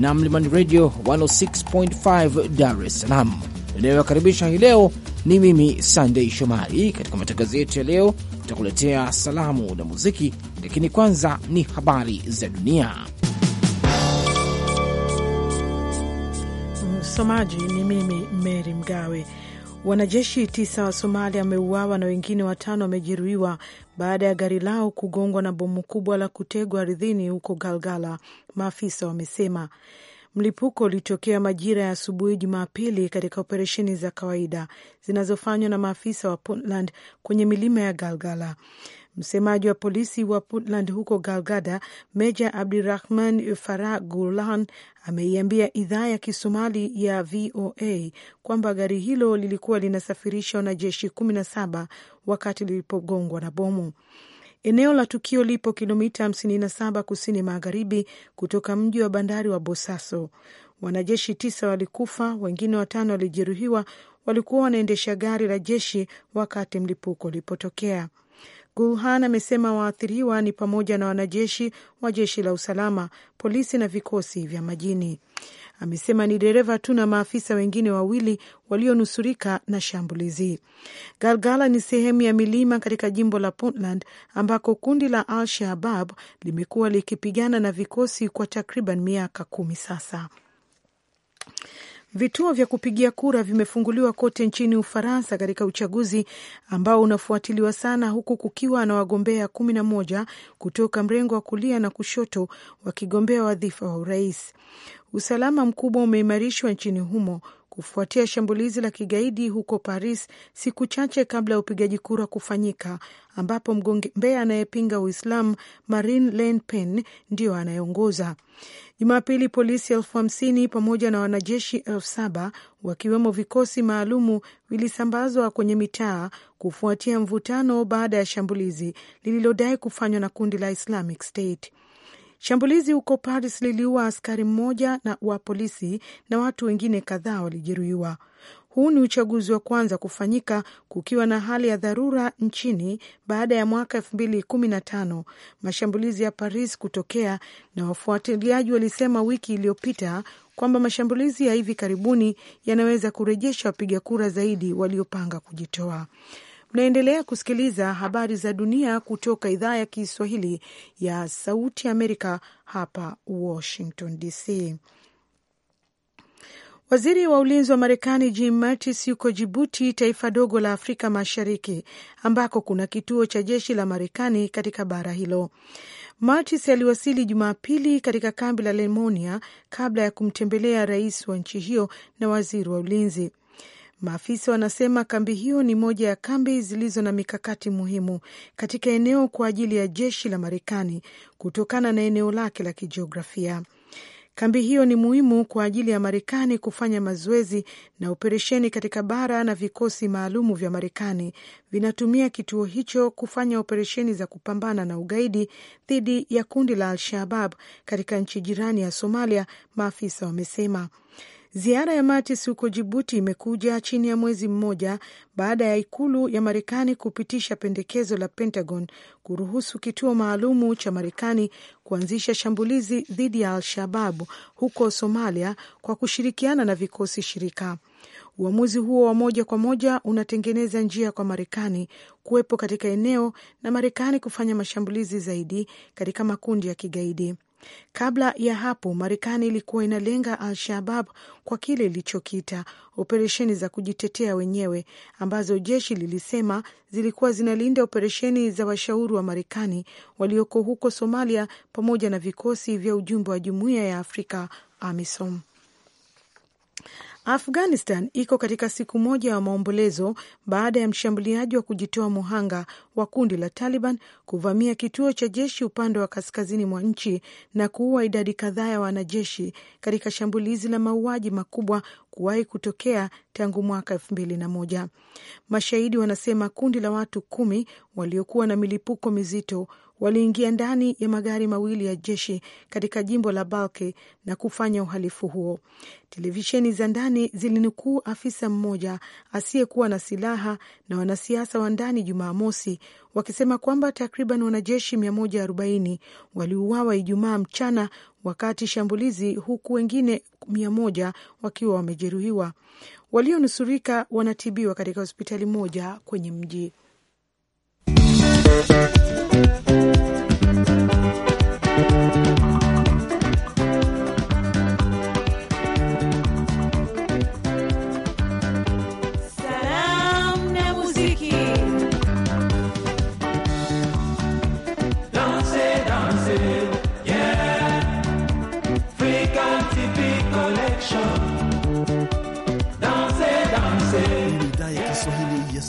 na Mlimani Radio 106.5 Dar es Salaam inayowakaribisha hii leo. Ni mimi Sandei Shomari. Katika matangazo yetu ya leo, tutakuletea salamu na muziki, lakini kwanza ni habari za dunia. Msomaji ni mimi mary Mgawe. Wanajeshi tisa wa Somalia wameuawa na wengine watano wamejeruhiwa baada ya gari lao kugongwa na bomu kubwa la kutegwa ardhini huko Galgala, maafisa wamesema. Mlipuko ulitokea majira ya asubuhi Jumapili katika operesheni za kawaida zinazofanywa na maafisa wa Puntland kwenye milima ya Galgala. Msemaji wa polisi wa Puntland huko Galgada, Meja Abdirahman Farah gulan ameiambia idhaa ya Kisomali ya VOA kwamba gari hilo lilikuwa linasafirisha wanajeshi kumi na saba wakati lilipogongwa na bomu. Eneo la tukio lipo kilomita 57 kusini magharibi kutoka mji wa bandari wa Bosaso. Wanajeshi tisa walikufa, wengine watano walijeruhiwa. Walikuwa wanaendesha gari la jeshi wakati mlipuko ulipotokea. Gulhan amesema waathiriwa ni pamoja na wanajeshi wa jeshi la usalama, polisi na vikosi vya majini. Amesema ni dereva tu na maafisa wengine wawili walionusurika na shambulizi. Galgala ni sehemu ya milima katika jimbo la Puntland ambako kundi la Al Shabab limekuwa likipigana na vikosi kwa takriban miaka kumi sasa. Vituo vya kupigia kura vimefunguliwa kote nchini Ufaransa katika uchaguzi ambao unafuatiliwa sana, huku kukiwa na wagombea kumi na moja kutoka mrengo wa kulia na kushoto wakigombea wadhifa wa urais. Usalama mkubwa umeimarishwa nchini humo kufuatia shambulizi la kigaidi huko Paris siku chache kabla ya upigaji kura kufanyika, ambapo mgombea anayepinga Uislamu Marine Le Pen ndiyo anayeongoza. Jumapili polisi elfu hamsini pamoja na wanajeshi elfu saba wakiwemo vikosi maalumu vilisambazwa kwenye mitaa kufuatia mvutano baada ya shambulizi lililodai kufanywa na kundi la Islamic State. Shambulizi huko Paris liliua askari mmoja na wa polisi na watu wengine kadhaa walijeruhiwa. Huu ni uchaguzi wa kwanza kufanyika kukiwa na hali ya dharura nchini baada ya mwaka elfu mbili kumi na tano mashambulizi ya Paris kutokea, na wafuatiliaji walisema wiki iliyopita kwamba mashambulizi ya hivi karibuni yanaweza kurejesha wapiga kura zaidi waliopanga kujitoa. Mnaendelea kusikiliza habari za dunia kutoka idhaa ya Kiswahili ya Sauti Amerika hapa Washington DC. Waziri wa ulinzi wa Marekani Jim Mattis yuko Jibuti, taifa dogo la Afrika Mashariki ambako kuna kituo cha jeshi la Marekani katika bara hilo. Mattis aliwasili Jumapili katika kambi la Lemonia kabla ya kumtembelea rais wa nchi hiyo na waziri wa ulinzi. Maafisa wanasema kambi hiyo ni moja ya kambi zilizo na mikakati muhimu katika eneo kwa ajili ya jeshi la Marekani kutokana na eneo lake la kijiografia. Kambi hiyo ni muhimu kwa ajili ya Marekani kufanya mazoezi na operesheni katika bara, na vikosi maalumu vya Marekani vinatumia kituo hicho kufanya operesheni za kupambana na ugaidi dhidi ya kundi la Al-Shabab katika nchi jirani ya Somalia, maafisa wamesema. Ziara ya Mattis huko Jibuti imekuja chini ya mwezi mmoja baada ya ikulu ya Marekani kupitisha pendekezo la Pentagon kuruhusu kituo maalumu cha Marekani kuanzisha shambulizi dhidi ya Al-Shababu huko Somalia kwa kushirikiana na vikosi shirika. Uamuzi huo wa moja kwa moja unatengeneza njia kwa Marekani kuwepo katika eneo na Marekani kufanya mashambulizi zaidi katika makundi ya kigaidi. Kabla ya hapo, Marekani ilikuwa inalenga Al-Shabab kwa kile ilichokita operesheni za kujitetea wenyewe, ambazo jeshi lilisema zilikuwa zinalinda operesheni za washauri wa Marekani walioko huko Somalia pamoja na vikosi vya ujumbe wa Jumuiya ya Afrika AMISOM. Afghanistan iko katika siku moja ya maombolezo baada ya mshambuliaji wa kujitoa muhanga wa kundi la Taliban kuvamia kituo cha jeshi upande wa kaskazini mwa nchi na kuua idadi kadhaa ya wanajeshi katika shambulizi la mauaji makubwa kuwahi kutokea tangu mwaka elfu mbili na moja. Mashahidi wanasema kundi la watu kumi waliokuwa na milipuko mizito waliingia ndani ya magari mawili ya jeshi katika jimbo la Balki na kufanya uhalifu huo. Televisheni za ndani zilinukuu afisa mmoja asiyekuwa na silaha na wanasiasa wa ndani Jumamosi wakisema kwamba takriban wanajeshi 140 waliuawa Ijumaa mchana wakati shambulizi, huku wengine 100 wakiwa wamejeruhiwa. Walionusurika wanatibiwa katika hospitali moja kwenye mji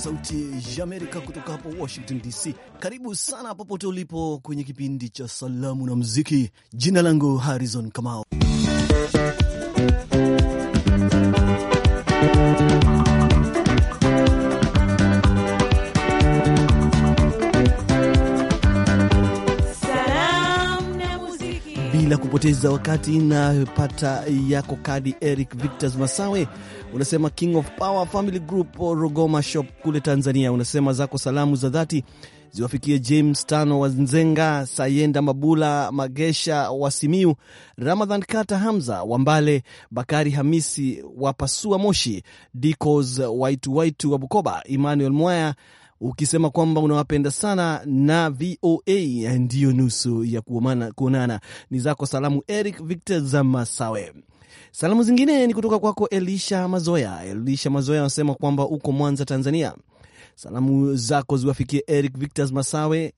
Sauti ya Amerika kutoka hapo Washington DC. Karibu sana popote ulipo kwenye kipindi cha salamu na muziki. Jina langu Harrison Kamau. kupoteza wakati na yako kadi. Eric Victor Masawe unasema King of Power Family Group Rogoma Shop kule Tanzania, unasema zako salamu za dhati ziwafikie James Tano wa Nzenga, Sayenda Mabula Magesha wa Simiu, Ramadhan Kata, Hamza Wambale, Bakari Hamisi wa Pasua Moshi, Dicos waituwaitu wa Bukoba, Emmanuel Mwaya ukisema kwamba unawapenda sana na VOA ndiyo nusu ya kuonana. Ni zako salamu Eric Victor Zamasawe. Salamu zingine ni kutoka kwako Elisha Mazoya. Elisha Mazoya anasema kwamba uko Mwanza, Tanzania. Salamu zako ziwafikie Eric Victor Masawe,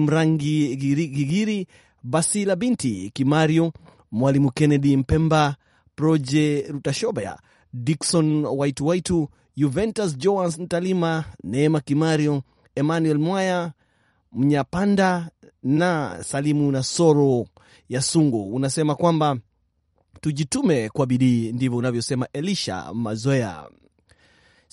mrangi Gigiri, Basila binti Kimario, Mwalimu Kennedy Mpemba, Proje Rutashobea, Dikson Waituwaitu, Juventus joans Ntalima, Neema Kimario, Emmanuel Mwaya Mnyapanda na Salimu Nasoro sungu Unasema kwamba tujitume kwa bidii, ndivyo unavyosema Elisha Mazoya.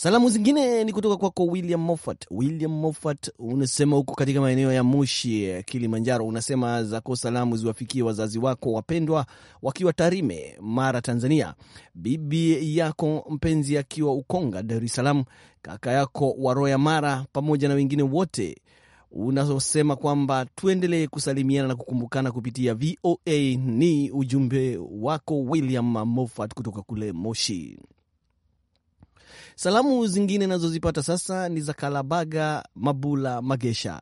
Salamu zingine ni kutoka kwako kwa William Moffat. William Moffat, unasema huko katika maeneo ya Moshi, Kilimanjaro, unasema zako salamu ziwafikie wazazi wako wapendwa wakiwa Tarime, Mara, Tanzania, bibi yako mpenzi akiwa Ukonga, Dar es Salaam, kaka yako Waroya, Mara, pamoja na wengine wote unasema kwamba tuendelee kusalimiana na kukumbukana kupitia VOA. Ni ujumbe wako William Moffat kutoka kule Moshi. Salamu zingine nazozipata sasa ni za Kalabaga Mabula Magesha.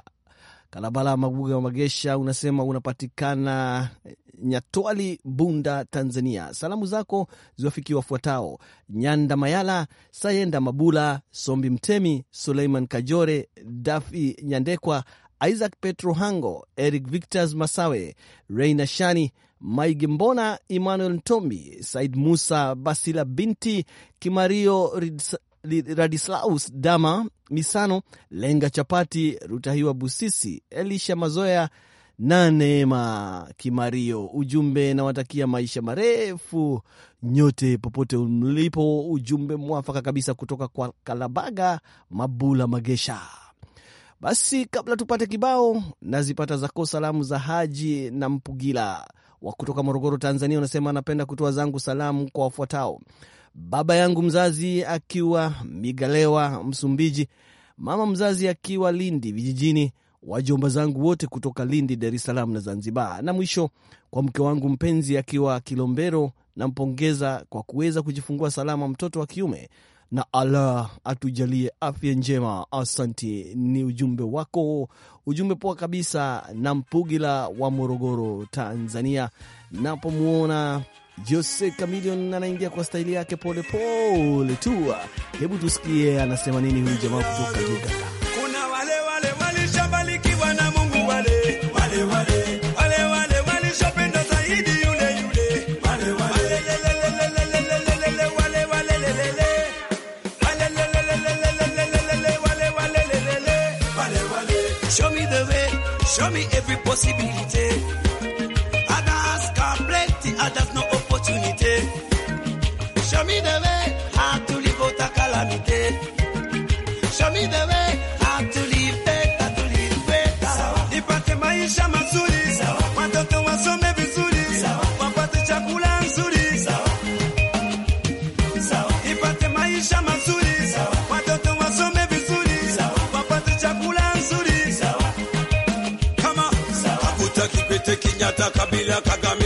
Kalabala Mabuga Magesha, unasema unapatikana Nyatwali, Bunda, Tanzania. Salamu zako ziwafikie wafuatao: Nyanda Mayala, Sayenda Mabula, Sombi Mtemi, Suleiman Kajore, Dafi Nyandekwa, Isaac Petro Hango, Eric Victos Masawe, Reina Shani, Maige Mbona, Emmanuel Ntombi, Said Musa Basila, binti Kimario Radislaus Dama Misano, Lenga Chapati Rutahiwa Busisi, Elisha Mazoya na Neema Kimario. Ujumbe nawatakia maisha marefu nyote popote mlipo. Ujumbe mwafaka kabisa kutoka kwa Kalabaga Mabula Magesha. Basi kabla tupate kibao, nazipata zako salamu za Haji na Mpugila wa kutoka Morogoro, Tanzania. Unasema anapenda kutoa zangu salamu kwa wafuatao: baba yangu mzazi akiwa Migalewa, Msumbiji, mama mzazi akiwa Lindi vijijini, wajomba zangu wote kutoka Lindi, Dar es Salaam na Zanzibar, na mwisho kwa mke wangu mpenzi akiwa Kilombero. Nampongeza kwa kuweza kujifungua salama mtoto wa kiume na Allah atujalie afya njema. Asanti, ni ujumbe wako, ujumbe poa kabisa, na Mpugila wa Morogoro, Tanzania. Napomwona Jose Chameleone anaingia kwa staili yake polepole tu. Hebu tusikie anasema nini huyu jamaa kutoka Uganda. Kuna Mungu wale wale wale show me every possibility Show me the way how to live out a calamity. Show me the way how to live better, to live better. Nipate maisha mazuri, Sawa. watoto wasome vizuri, Sawa. wapate chakula nzuri. Sawa. Sawa. Nipate maisha mazuri, Sawa. watoto wasome vizuri, Sawa. wapate chakula nzuri. Sawa. Kama Sawa. Kakuta Kikwete, Kabila, Kagame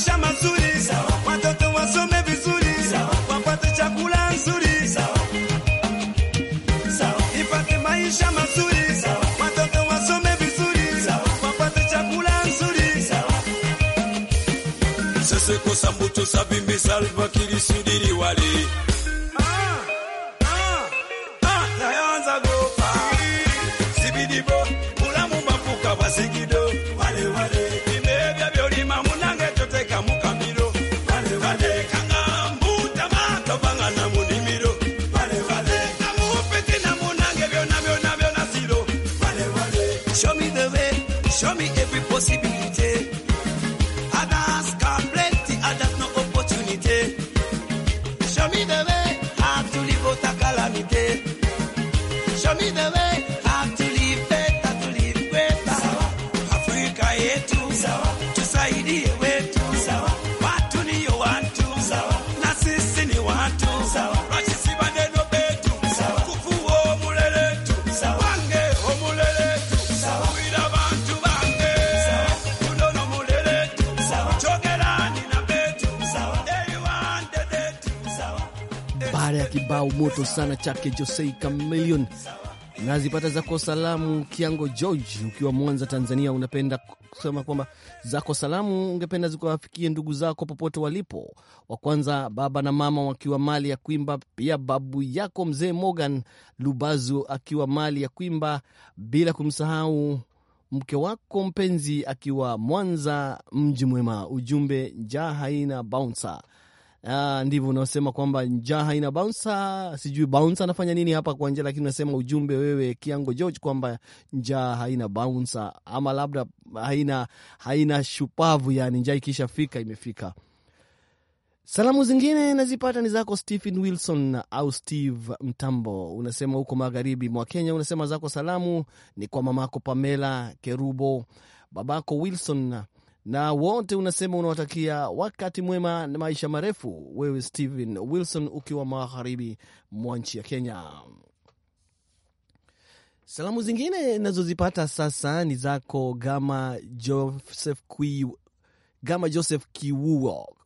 maisha mazuri, watoto wasome vizuri, wapate chakula nzuri, ipate maisha mazuri Sese kosa mbuto sabimbi Salva Kiir wali kibao moto sana chake Josei Camelion. Nazipata zako salamu Kiango George, ukiwa Mwanza, Tanzania, unapenda kusema kwamba zako salamu ungependa zikawafikie ndugu zako popote walipo, wa kwanza baba na mama wakiwa mali ya Kwimba, pia babu yako mzee Morgan Lubazu akiwa mali ya Kwimba, bila kumsahau mke wako mpenzi akiwa Mwanza mji mwema. Ujumbe njaa haina bouncer. Ah, ndivyo unaosema kwamba njaa haina bouncer, sijui bouncer anafanya nini hapa kwa njia, lakini unasema ujumbe wewe Kiango George kwamba njaa haina bouncer, ama labda haina, haina shupavu, yani njaa ikishafika imefika. Salamu zingine nazipata ni zako Stephen Wilson au Steve Mtambo, unasema huko magharibi mwa Kenya. Unasema zako salamu ni kwa mamako Pamela Kerubo, babako Wilson na wote unasema unawatakia wakati mwema na maisha marefu, wewe Stephen Wilson ukiwa magharibi mwa nchi ya Kenya. Salamu zingine nazozipata sasa ni zako Gama Joseph Kiwuo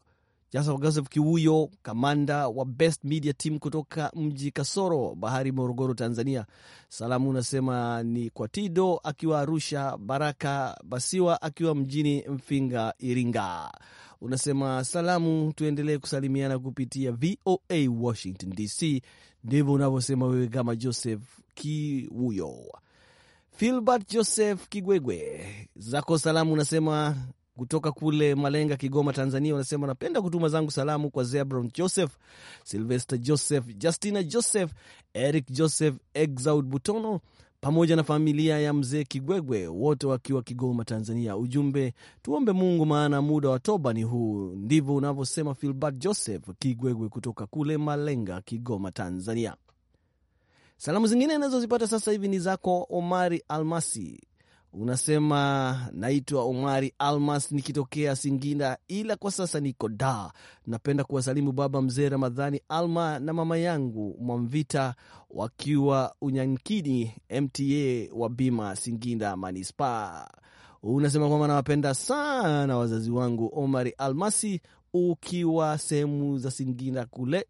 Joseph Joseph Kiwuyo, kamanda wa Best Media Team kutoka mji Kasoro Bahari, Morogoro, Tanzania. Salamu unasema ni kwa Tido akiwa Arusha, Baraka Basiwa akiwa mjini Mfinga, Iringa. Unasema salamu tuendelee kusalimiana kupitia VOA Washington DC. Ndivyo unavyosema wewe kama Joseph Kiwuyo. Filbert Joseph Kigwegwe, zako salamu unasema kutoka kule Malenga, Kigoma, Tanzania, wanasema napenda kutuma zangu salamu kwa Zebron Joseph, Silvester Joseph, Justina Joseph, Eric Joseph, Exaud Butono pamoja na familia ya mzee Kigwegwe, wote wakiwa Kigoma, Tanzania. Ujumbe, tuombe Mungu maana muda wa toba ni huu. Ndivyo unavyosema Filbert Joseph Kigwegwe kutoka kule Malenga, Kigoma, Tanzania. Salamu zingine anazozipata sasa hivi ni zako Omari Almasi Unasema naitwa Omari Almas nikitokea Singinda, ila kwa sasa niko da. Napenda kuwasalimu baba mzee Ramadhani Alma na mama yangu Mwamvita wakiwa Unyankini mta wa Bima, Singinda manispaa. Unasema kwamba nawapenda sana wazazi wangu. Omari Almasi, ukiwa sehemu za Singinda kule,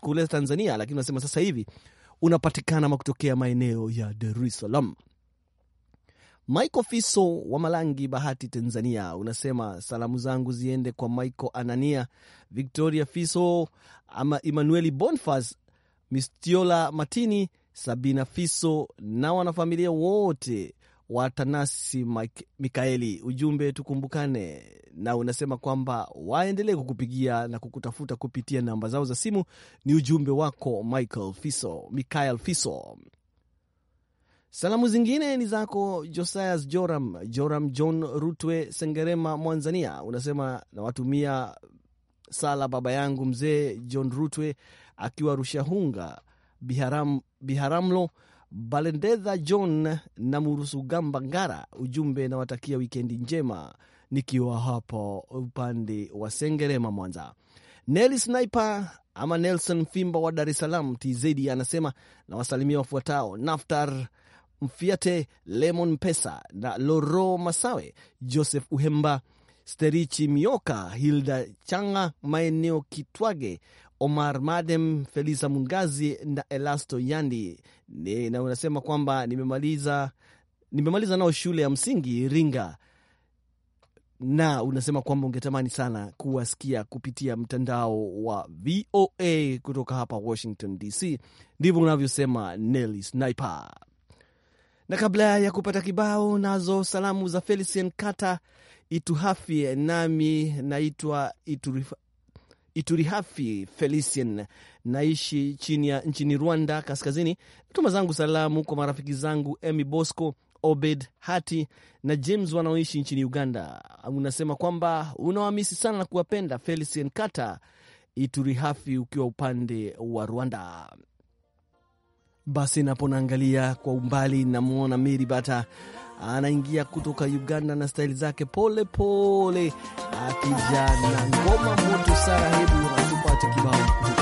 kule Tanzania, lakini unasema sasa hivi unapatikana makutokea maeneo ya Dar es Salaam. Michael Fiso wa Malangi Bahati, Tanzania, unasema salamu zangu ziende kwa Michael Anania, Victoria Fiso ama Emanueli Bonfas, Mistiola Matini, Sabina Fiso na wanafamilia wote wa Tanasi Mikaeli. Ujumbe tukumbukane, na unasema kwamba waendelee kukupigia na kukutafuta kupitia namba zao za simu. Ni ujumbe wako Michael Fiso, Mikael Fiso. Salamu zingine ni zako Josias Joram Joram John Rutwe Sengerema, Mwanzania. Unasema nawatumia sala baba yangu mzee John Rutwe akiwa Rushahunga, Biharam, Biharamlo, Balendedha John na Gamba Ngara. Ujumbe nawatakia wikendi njema nikiwa hapo upande wa Sengerema, Mwanza. Neli Sniper ama Nelson Fimba wa Dar es Salaam TZ anasema nawasalimia wafuatao: Naftar Mfiate Lemon Pesa na Loro Masawe, Joseph Uhemba, Sterichi Mioka, Hilda Changa, Maeneo Kitwage, Omar Madem, Felisa Mungazi na Elasto Yandi. Na unasema kwamba nimemaliza, nimemaliza nao shule ya msingi Iringa, na unasema kwamba ungetamani sana kuwasikia kupitia mtandao wa VOA kutoka hapa Washington DC. Ndivyo unavyosema Nelly Sniper. Na kabla ya kupata kibao, nazo salamu za Felicien Kata Ituhafi, nami naitwa Iturifa Iturihafi Felicien, naishi chini ya nchini Rwanda kaskazini. Natuma zangu salamu kwa marafiki zangu Emy Bosco, Obed Hati na James wanaoishi nchini Uganda. Unasema kwamba unawamisi sana na kuwapenda. Felicien Kata Iturihafi, ukiwa upande wa Rwanda. Basi naponaangalia kwa umbali, namwona Meri Bata anaingia kutoka Uganda na staili zake pole pole, akija na ngoma moto. Sara, hebu atupate kibao.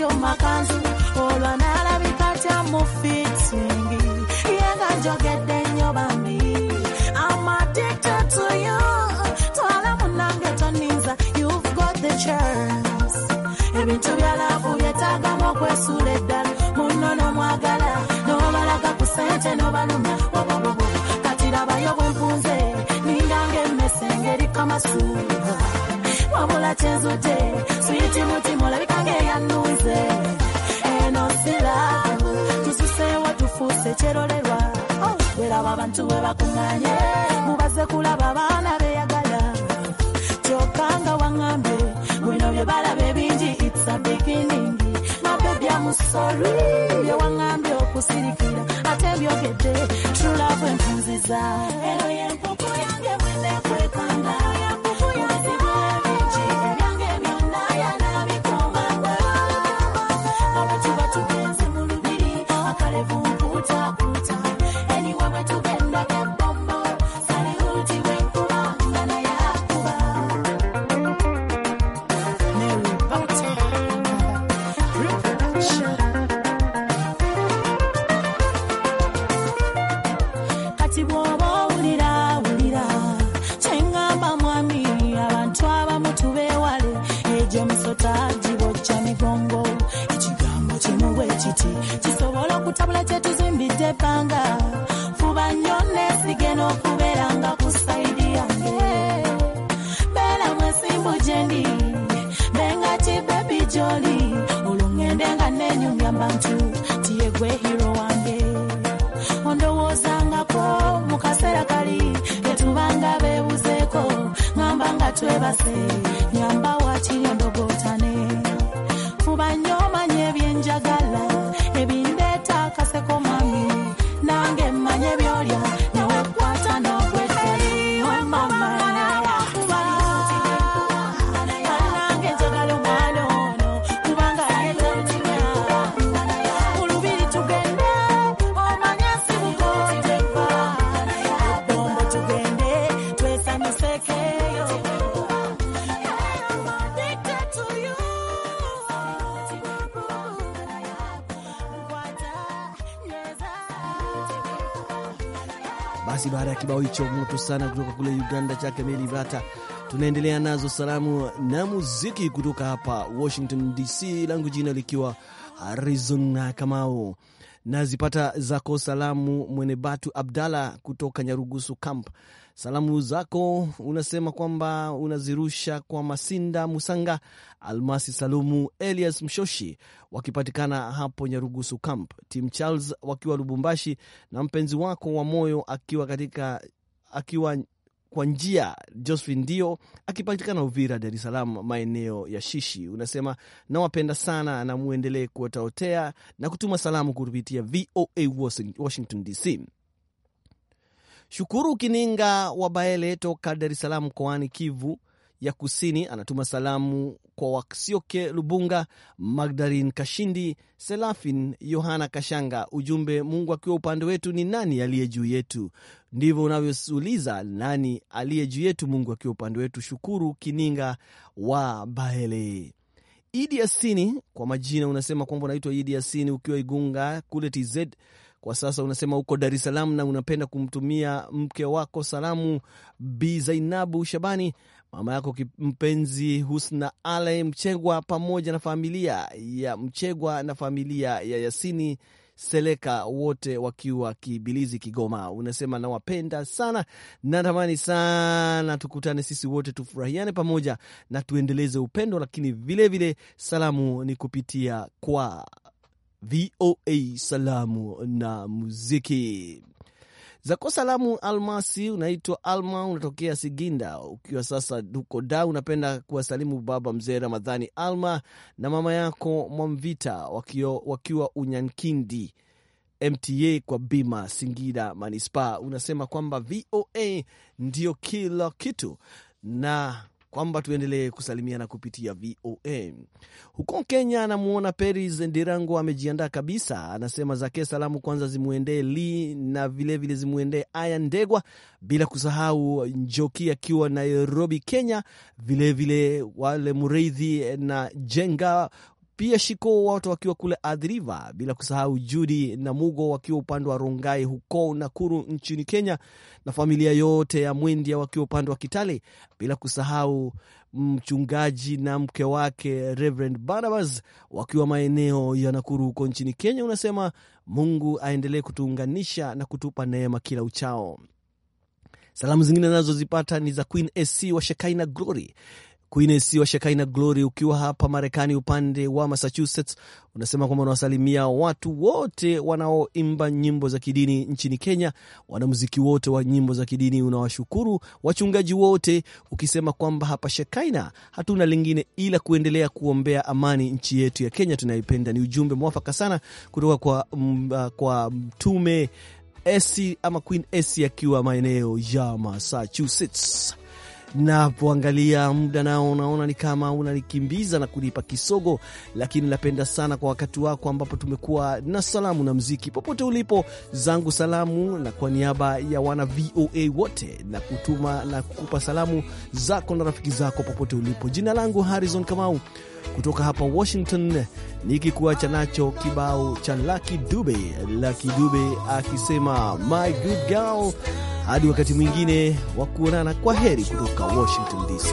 ntyo makanzu olwa nalabika tya mu fitingi ye nga njogedde nnyo bambi amadiktatuyo twala munange toninza you've got the chance ebintu byalavu byetagamu okwesula eddala munno nomwagala nobalaga ku sente nobanuma bobobobo katirabayo bwenvunze ninga ngaemmesengeri kamasuuba wabula kyenzudde abantu we bakuŋŋaanye mubaze kulaba baana beyagala kyokka nga waŋŋambe bino bye balaba ebingi its a beginning mabe bya musoli bye waŋŋambye okusirikira ate byogedde tulabwe enfunziza Basi baada ya kibao hicho moto sana kutoka kule Uganda chake Melivata, tunaendelea nazo salamu na muziki kutoka hapa Washington DC, langu jina likiwa Arizona Kamau nazipata zako salamu Mwenebatu Abdalla kutoka Nyarugusu Camp Salamu zako unasema kwamba unazirusha kwa Masinda Musanga, Almasi Salumu, Elias Mshoshi wakipatikana hapo Nyarugusu Camp, Tim Charles wakiwa Lubumbashi na mpenzi wako wa moyo akiwa katika akiwa kwa njia Josephine ndio akipatikana Uvira, Dar es Salaam, maeneo ya Shishi. Unasema nawapenda sana na muendelee kuwataotea na kutuma salamu kupitia VOA Washington DC. Shukuru Kininga wa Baele toka Dar es Salaam mkoani Kivu ya Kusini anatuma salamu kwa Wasioke Lubunga, Magdarin Kashindi, Selafin Yohana Kashanga. Ujumbe, Mungu akiwa upande wetu ni nani aliye juu yetu? Ndivyo unavyouliza, nani aliye juu yetu? Mungu akiwa upande wetu. Shukuru Kininga wa Baele. Idi Yasini kwa majina unasema kwamba unaitwa Idi Yasini ukiwa Igunga kule TZ kwa sasa unasema uko Dar es Salaam na unapenda kumtumia mke wako salamu Bi Zainabu Shabani, mama yako mpenzi Husna Ale Mchegwa pamoja na familia ya Mchegwa na familia ya Yasini Seleka wote wakiwa Kibilizi, Kigoma. Unasema nawapenda sana, natamani sana tukutane sisi wote tufurahiane pamoja na tuendeleze upendo, lakini vilevile vile salamu ni kupitia kwa VOA Salamu na Muziki zako salamu. Almasi unaitwa Alma, unatokea Siginda ukiwa sasa huko Da. Unapenda kuwasalimu baba mzee Ramadhani Alma na mama yako Mwamvita wakio, wakiwa Unyankindi mta kwa bima Singida manispaa. Unasema kwamba VOA ndio kila kitu na kwamba tuendelee kusalimiana kupitia VOA. Huko Kenya, anamwona Peris Ndirango amejiandaa kabisa, anasema zake salamu kwanza zimwendee Lee na vilevile zimwendee Aya Ndegwa, bila kusahau Njoki akiwa Nairobi, Kenya, vilevile vile wale Mreithi na Jenga pia Shiko wote wakiwa kule Adhiriva, bila kusahau Judi na Mugo wakiwa upande wa Rongai huko Nakuru nchini Kenya, na familia yote ya Mwendia wakiwa upande wa Kitale, bila kusahau mchungaji na mke wake Reverend Barnabas wakiwa maeneo ya Nakuru huko nchini Kenya. Unasema Mungu aendelee kutuunganisha na kutupa neema kila uchao. Salamu zingine nazozipata ni za Queen SC wa Shekaina Glory Queens wa Shekaina Glory, ukiwa hapa Marekani upande wa Massachusetts, unasema kwamba unawasalimia watu wote wanaoimba nyimbo za kidini nchini Kenya, wanamuziki wote wa nyimbo za kidini unawashukuru, wachungaji wote, ukisema kwamba hapa Shekaina hatuna lingine ila kuendelea kuombea amani nchi yetu ya Kenya tunayoipenda. Ni ujumbe mwafaka sana kutoka kwa, mba, mm, uh, kwa mtume Esi ama Queen Esi akiwa maeneo ya Massachusetts. Napoangalia muda nao unaona ni kama unanikimbiza na kunipa kisogo, lakini napenda sana kwa wakati wako ambapo tumekuwa na salamu na mziki. Popote ulipo, zangu salamu, na kwa niaba ya wana VOA wote na kutuma na kukupa salamu zako na rafiki zako popote ulipo. Jina langu Harrison Kamau. Kutoka hapa Washington, nikikuacha nacho kibao cha Lucky Dube, Lucky Dube akisema my good girl. Hadi wakati mwingine wa kuonana, kwa heri kutoka Washington DC.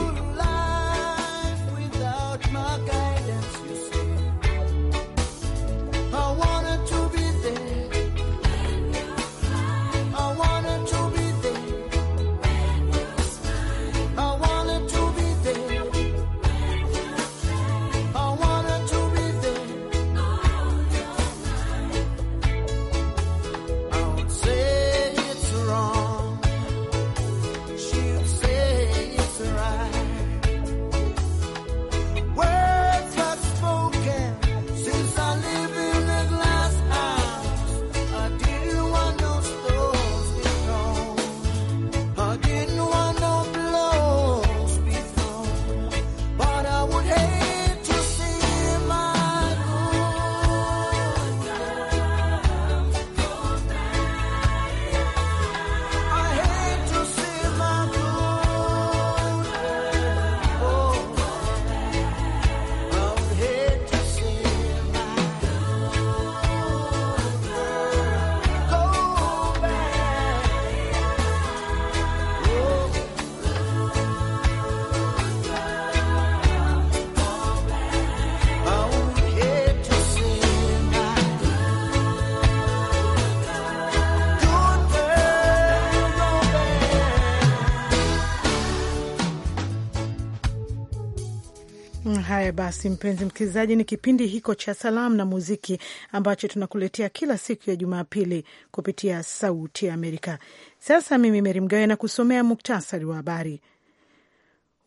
Haya basi, mpenzi msikilizaji, ni kipindi hiko cha salamu na muziki ambacho tunakuletea kila siku ya Jumapili kupitia Sauti ya Amerika. Sasa mimi Meri Mgawe na kusomea muktasari wa habari.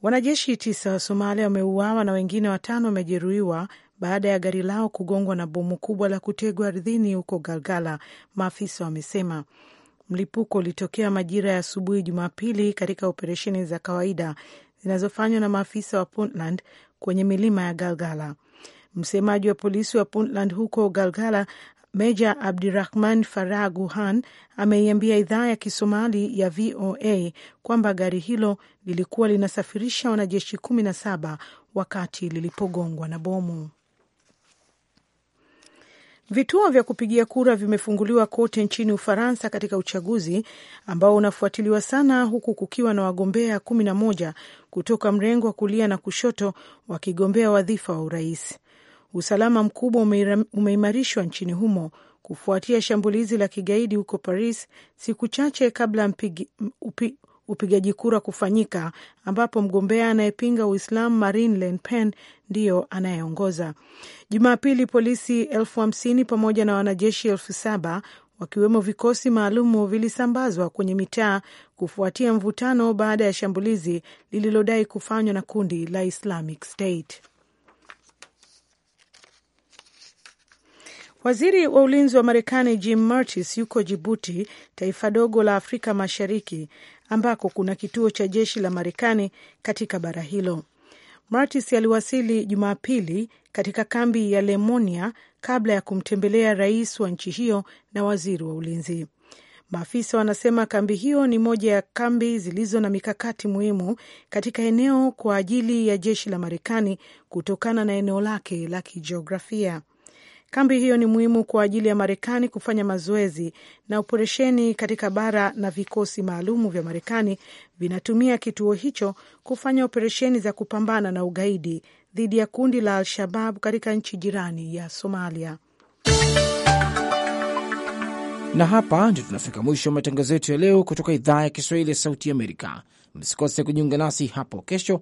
Wanajeshi tisa wa Somalia wameuawa na wengine watano wamejeruhiwa baada ya gari lao kugongwa na bomu kubwa la kutegwa ardhini huko Galgala, maafisa wamesema. Mlipuko ulitokea majira ya asubuhi Jumapili katika operesheni za kawaida zinazofanywa na maafisa wa Puntland kwenye milima ya Galgala. Msemaji wa polisi wa Puntland huko Galgala, Meja Abdirahman Farah Guhan ameiambia idhaa ya Kisomali ya VOA kwamba gari hilo lilikuwa linasafirisha wanajeshi kumi na saba wakati lilipogongwa na bomu. Vituo vya kupigia kura vimefunguliwa kote nchini Ufaransa katika uchaguzi ambao unafuatiliwa sana, huku kukiwa na wagombea kumi na moja kutoka mrengo wa kulia na kushoto wakigombea wadhifa wa urais. Usalama mkubwa umeimarishwa nchini humo kufuatia shambulizi la kigaidi huko Paris siku chache kabla mpigi, upi, upigaji kura kufanyika, ambapo mgombea anayepinga Uislamu Marine Le Pen ndiyo anayeongoza. Jumapili polisi elfu hamsini pamoja na wanajeshi elfu saba wakiwemo vikosi maalumu vilisambazwa kwenye mitaa kufuatia mvutano baada ya shambulizi lililodai kufanywa na kundi la Islamic State. Waziri wa ulinzi wa Marekani Jim Mattis yuko Jibuti, taifa dogo la Afrika Mashariki, ambako kuna kituo cha jeshi la Marekani katika bara hilo. Mattis aliwasili Jumapili katika kambi ya Lemonia kabla ya kumtembelea rais wa nchi hiyo na waziri wa ulinzi. Maafisa wanasema kambi hiyo ni moja ya kambi zilizo na mikakati muhimu katika eneo kwa ajili ya jeshi la Marekani kutokana na eneo lake la kijiografia. Kambi hiyo ni muhimu kwa ajili ya Marekani kufanya mazoezi na operesheni katika bara na vikosi maalumu vya Marekani vinatumia kituo hicho kufanya operesheni za kupambana na ugaidi dhidi ya kundi la Al-Shabab katika nchi jirani ya Somalia. Na hapa ndio tunafika mwisho wa matangazo yetu ya leo kutoka idhaa ya Kiswahili ya Sauti Amerika. Msikose kujiunga nasi hapo kesho